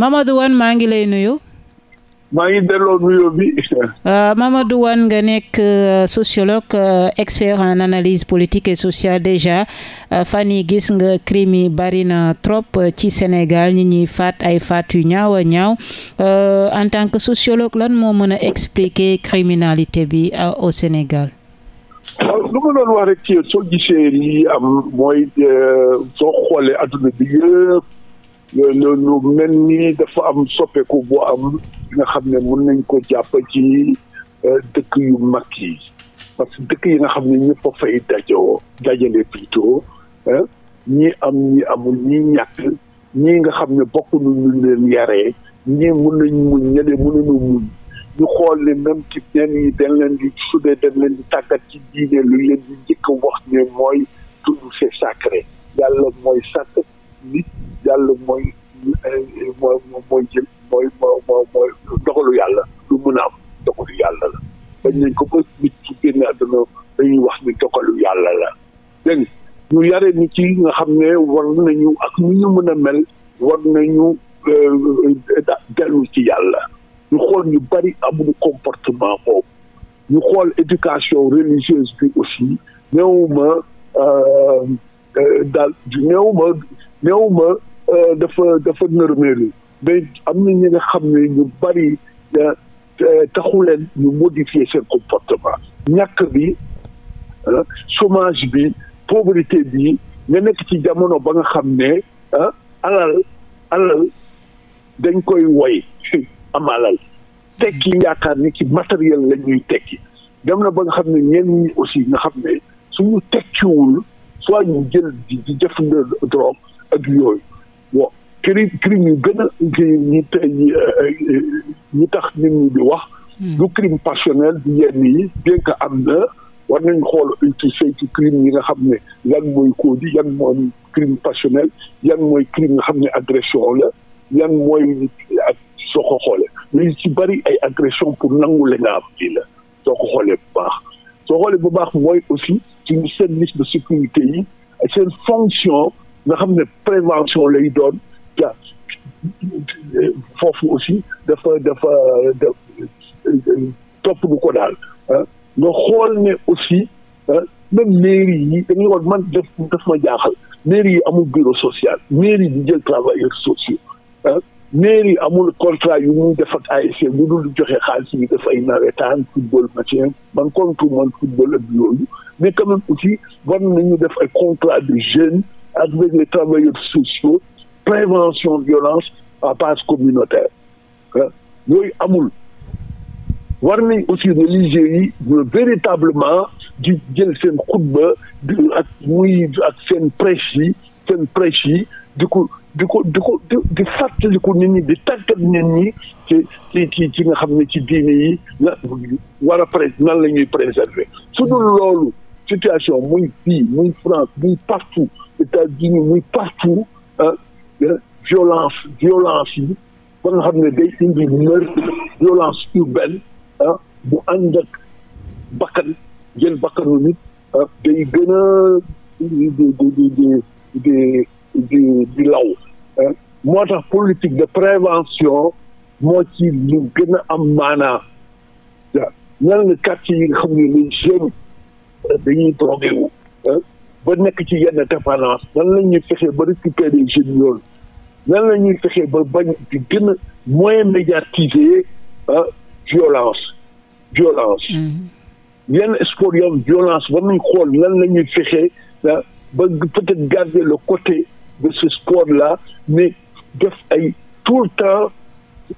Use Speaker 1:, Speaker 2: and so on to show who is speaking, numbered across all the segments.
Speaker 1: Mamadou Wane maa ngi lay nuyu.
Speaker 2: maa ngi delloo nuyoo bi.
Speaker 1: Euh, Mamadou nga nekk euh, sociologue euh, expert en analyse politique et sociale déjà fan yi gis nga crime yi bari na trop ci Sénégal ñi ñuy faat ay faat yu ñaaw a ñaaw en tant que sociologue lan moo mën a expliquer criminalité bi au Sénégal.
Speaker 2: waaw lu ma doon wax rek ci soo gisee lii am mooy soo xoolee adduna bi yëpp. lu mel ni dafa am soppeeku bu am nga xam ne mun nañ ko jàpp ci euh, dëkk yu mag yi parce que dëkk yi nga xam ne ñëpp a fay dajoo dajale plutôt ñii am ñi amul ñii ñàkk ñii nga xam ne bokk ñu leen yare ñii mun nañ muñ ñeneen mënuñu ñu xool ne même ci ñenn yi dañ leen di sudee dañ leen di tàggat ci diine lu leen di njëkk wax ne mooy tudd c'est sacré yàlla mooy sàkk nit yàlla mooy mooy mooy jël mooy mooy mooy dogalu yàlla lu mun a am dogalu yàlla la dañ nañ ko ba nit ci génn àdduna dañuy wax ni dogalu yàlla la dégg ñu yare nit yi nga xam ne war nañu ak nu ñu mën a mel war nañu euh, dellu ci yàlla ñu xool ñu bari amuñu comportement boobu ñu xool éducation religieuse bi aussi néew ma euh, euh, daal néew ma néew ma Euh, dafa dafa nërmeelu ba am na ñi nga xam ne ñu bari taxuleen ñu modifier seen comportement ñàkk bi somage euh, bi pauvreté bi nga nekk ci jamono ba nga xam ne euh, alal alal dañ koy woy am alal tekki yaakaar ni ki matériel la ñuy tekki dem na ba nga xam ne ñenn ñi aussi nga xam ne suñu tekkiwul soit ñu jël di di jëf drogue ak yooyu bon crime crime yu gën a ñu ñu euh, euh, tax nit ñi di wax. Hmm. du crime passionnel di yi bien que am na war nañ xool ci saytu crime yi nga xam ne yan mooy cause yi yan mooy crime passionnel yan mooy crime nga xam ne agression la yan mooy soo ko xoolee mais si bari ay agression pour nangu la nga am lii la soo ko xoolee bu baax soo xoolee bu baax mooy aussi ci service de sécurité yi seen fonction nga xam ne prévention lay doon ja foofu aussi dafa dafa topp du ko daal ah. nga xool ne aussi ah, même mairie yi dañuy wax man def daf ma jaaxal mairie yi amul bureau social mairie di jël travailleurs sociaux ah. mairie amul contrat yu muy def ay ASC bu dul joxe xaalis bi def ay nawetaan football matin man contre man football ak yooyu mais quand aussi war nañu def ay contrat de jeune avec les travailleurs sociaux prévention violence à base communautaire yooyu amul war nañ aussi religieux yi véritablement di jël seen xutba di ak muy ak seen prêche yi seen prêche yi di ko di ko di ko di fàttaliku nit ñi di tàggat nit ñi ci ci ci nga xam ne ci diine yi la war nan la ñuy préserver su loolu situation muy fii muy France muy partout États-Unis muy partout violence violence yi xam ne day indi meurtre violence urbaine ah bu ànd ak bakkan jël bakkanu nit day gën di di di di di law moo tax politique de prévention moo ci lu gën am maanaa ñan nga quartier yi nga xam ne les dañuy drogué wu ah, ba nekk ci yenn dépendance nan la ñuy fexee ba récupérer jeunes yooyu nan la ñuy fexee ba bañ di gën a moyen médiatiser ah, violence violence mm-hmm. yenn sport yi am violence war nañ xool nan la ñuy fexee ah, ba peut-être garder le côté de ce sport là mais def ay tout le temps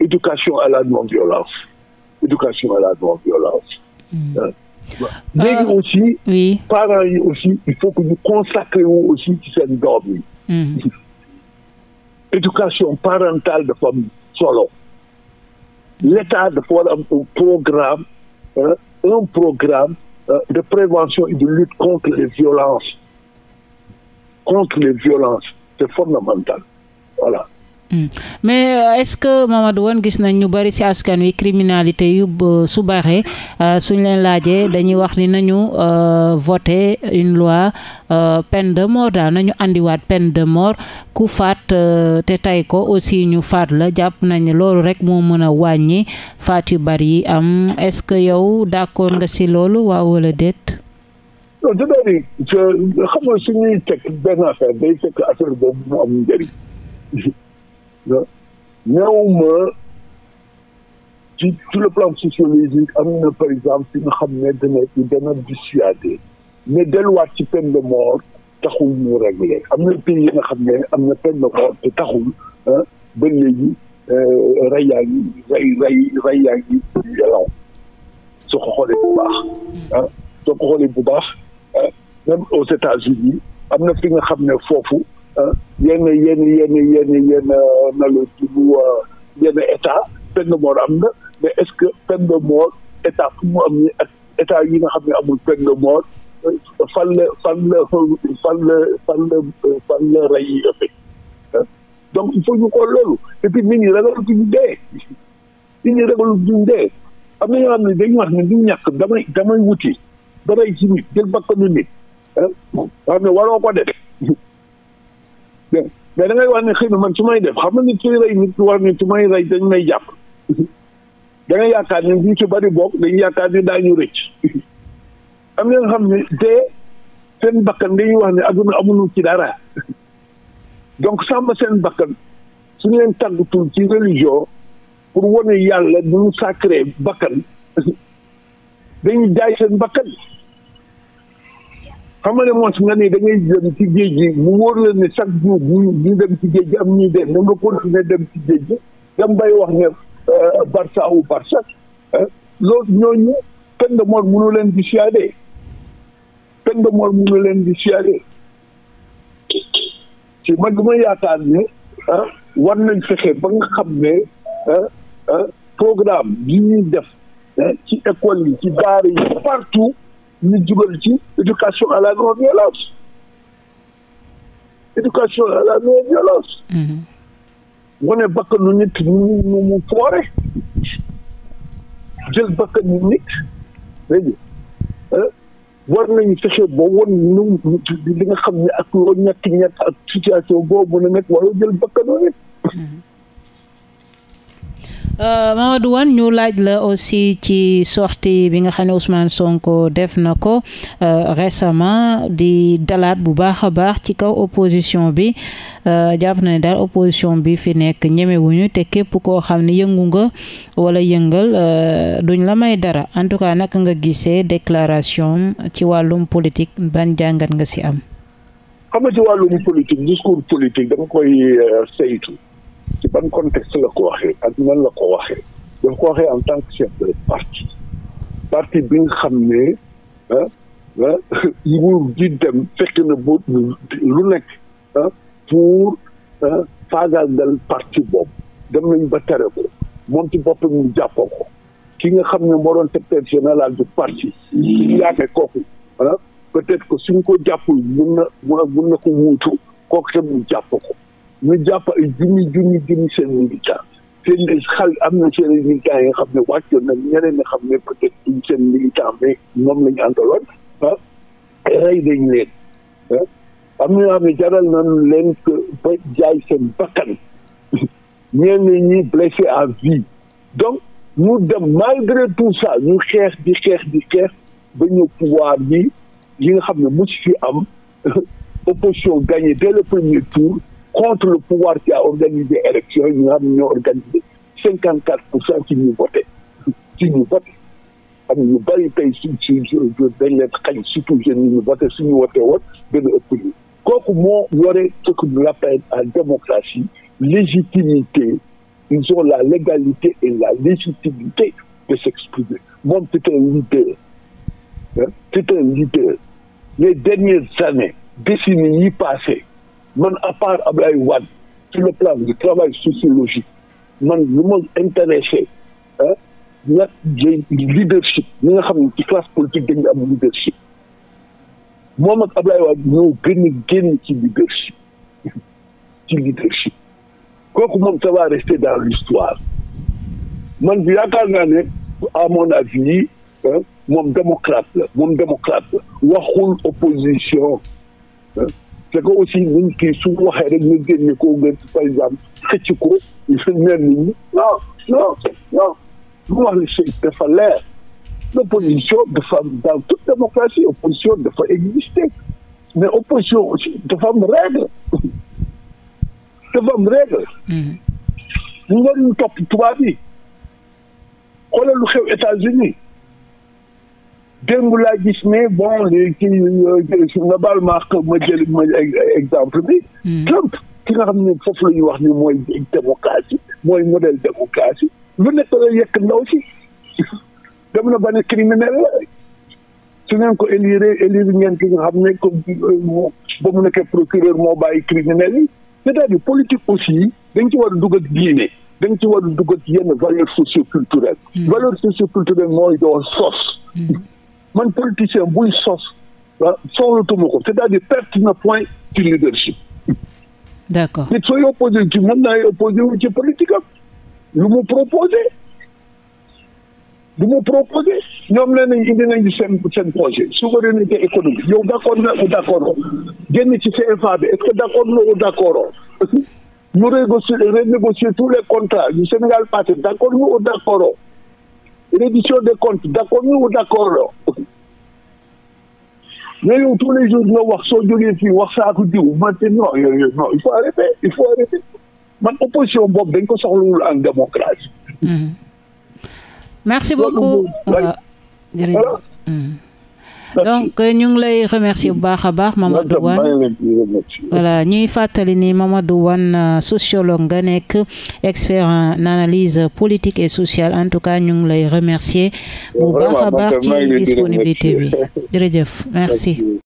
Speaker 2: éducation à la non violence éducation à la non léegi euh, aussi. oui parents yi aussi il faut que ñu consacré wu aussi ci seen doom yi. éducation parentale dafa am solo. l'état dafa war un programme euh, euh, de prévention et de lutte contre les violences contre les violences c'est fondamental voilà
Speaker 1: Mm. mais euh, est-ce que Mamadou Wane gis nañ ñu bari ci askan wi criminalité yu euh, su baree euh, suñ leen laajee dañuy wax ni nañu voter une loi peine de mort daal nañu andiwaat peine de mort ku faat te tay ko aussi ñu faat la jàpp nañ loolu rek moo mën a wàññi faat yu bari yi am est-ce que yow d'accord nga ci loolu waaw wala déet.
Speaker 2: néanmoins ci sur le plan sociologique am na par exemple fi nga xam ne dana dana dissuader mais delluwaat ci peine de mort taxul ñu réglé am na pays yi nga xam ne am na peine de mort te taxul ah, ba léegi euh, rey yaa ngi rey rey rey yaa ngi soo ko xoolee bu baax ah, soo ko xoolee bu baax ah, même aux États-Unis am na fi nga xam ne foofu yenn yenn yenn yenn yenn na la tudd yenn état peine de mort am na mais est-ce que peine de mort état fu mu am ni ak état yi nga xam ne amul peine de mort euh, fan la fan la fan la fan la euh, fan la donc il faut ñu xool loolu et puis nit ñi ragalatuñu dee nit ñi ragalatuñu dee am na ñoo xam ne dañu wax ne du ñàkk damay damay wuti damay si nit jël bakkanu nit ah waroo ko def dégg mais da wax ne xëy na man su may def xam nga nit kuy rey nit wax ne su may rey dañ may jàpp yaakaar ne ñu ci bari bokk dañ yaakaar ne daañu rëcc am na ne te seen bakkan wax ne adduna amuñu ci dara donc sàmm seen bakkan su leen tàggatul ci religion pour wone yàlla bu mu sacré bakkan dañuy jaay seen bakkan xam nga ne moom su nga ne da dem ci géej gi mu wóor leen ne chaque jour ñu ñu dem ci géej gi am ñuy dee na nga continuer dem ci géej gi bay wax ne euh, Barça ou Barça loolu ñooñu peine de mort mënu leen di siyaade peine de mort mënu leen di siyaade ci man dama yaakaar ne war nañ fexe ba nga xam ne programme yi ñuy def ci école yi ci daara yi partout ñu jugal ci éducation à la non violence éducation à la non violence wane mm-hmm. bakkanu nit ñu mu mu jël bakkanu nit euh, war nañu fexe bo won nu li nga xam ne ak ñàkk ñàkk ak situation boobu mën a nekk wala jël bakkanu
Speaker 1: Euh, Mamadou Wane ñu laaj la aussi ci sortie bi nga xam ne Ousmane Sonko def na ko euh, récemment di dalaat bu baax a baax ci kaw opposition bi euh, jàpp na ne daal opposition bi fi nekk ñemewuñu te képp koo xam ne yëngu nga wala yëngal duñ la may dara en tout cas naka nga gisee déclaration ci wàllum politique ban jàngat nga si am.
Speaker 2: xam ci wàllum politique discours politique danga koy saytu. ci ban contexte la ko waxee ak man la ko waxee dafa ko waxee en tant que chef de parti bi nga xam ne ah ah dem fekk na bu lu nekk ah pour ah faagaagal parti boobu dem nañ ba tere ko moom ci boppam mu jàppoo ko ki nga xam ne moo doon secrétaire général du parti. ñu yaate kooku ah peut-être que suñ ko jàppul mun na mun na ko wuutu kooku tam ñu jàpp ko. ñu jàpp ay junni junni junni seen militant seen xal am na seen militant yi nga xam ne wàcc na ñeneen nga xam ne peut-être duñ seen militant mais moom lañu àndaloon ah rey dañ leen ah. am na ñoo xam ne jaral na nañ leen que ba jaay seen bakkan ñenn ñi blessé à vie donc ñu dem malgré tout ça ñu xeex di xeex di xeex ba ñu pouvoir li yi nga xam ne mosu fi am opposition gagné dès le premier tour contre le pouvoir qui a organisé élection yi nga xam ne ñoo organisé cinquante quatre pour cent ci ñu voté ci ñu voté am ñu bëri tey si si dañ leen xañ surtout jeunes yi ñu voté suñu wote woon dana ëpp ñu kooku moo yore ce à nous appelons en démocratie légitimité ils ont la légalité et la légitimité de s'exprimer moom c'est un leader hein c'est un leader les dernières années décennies yi passées man à part Ablaye Wade sur le plan du travail sociologique man lu ma intéressé ah ñàkk jëy leadership ñi nga xam ne ci classe politique dañu leadership moom ak Ablaye Wade ñoo gën a ci leadership ci leadership kooku moom ça va rester man bi yaakaar naa ne à mon avis moom démocrate la moom démocrate la waxul c' est aussi ñun kii su waxee rek ñu génne koo gën par exemple xëcc ko ñu fi mer nit non non non lu wax li si dafa leer l' opposition dafa dans toute démocratie opposition dafa exister mais opposition aussi dafa am règle dafa am règle ñu waruñu topp tubaab yi xoolal lu xew États-Unis démb laa gis ne bon les kii euh, nga baal ma ma jël ma exemple bi. Hmm. Trump ki nga xam ne foofu la ñuy wax ni mooy démocratie mooy modèle démocratie lu nekk la yekk ndaw aussi dem na ba ne criminel la su neen ko élire élire ngeen ki nga xam ne comme euh, ba mu nekkee procureur moo bàyyi criminel yi c'est-à-dire politique aussi dañ ci war a dugg ak diine dañ ci war a dugg ak yenn valeurs socioculturelles hmm. valeurs socioculturelles mooy doo sos hmm. man politicien buy sos ah soxlatuma ko c'est-à-dire perte na point ci leadership. d'accord nit sooy opposé ci mën naa opposé wu ci politique am lu mu proposé lu mu proposé ñoom nee nañ indi nañ seen seen projet souveraineté économique yow d'accord nga ou d'accord génn ci CFA bi est-ce que d'accord nga ou d'accord ñu renégocier tous les contrats yu Sénégal passé d'accord nga ou d'accord reddition des comptes d' accord ñu d' accord mais yow tous les jours nga wax soo jógee fii wax saako jiw man te non yooyu non il faut arrêter il faut arrêter man opposition boobu dañ ko soxlawul en démocratie.
Speaker 1: Mhm. merci beaucoup. jërëjëf. Mhm. donc euh, ñu ngi lay remercier bu baax a baax Mamadou Wane voilà ñuy fàttali ni Mamadou Wane euh, sociologue nga nekk expert en analyse politique et sociale en tout cas ñu ngi lay remercier
Speaker 2: bu baax ci disponibilité bi
Speaker 1: jërëjëf merci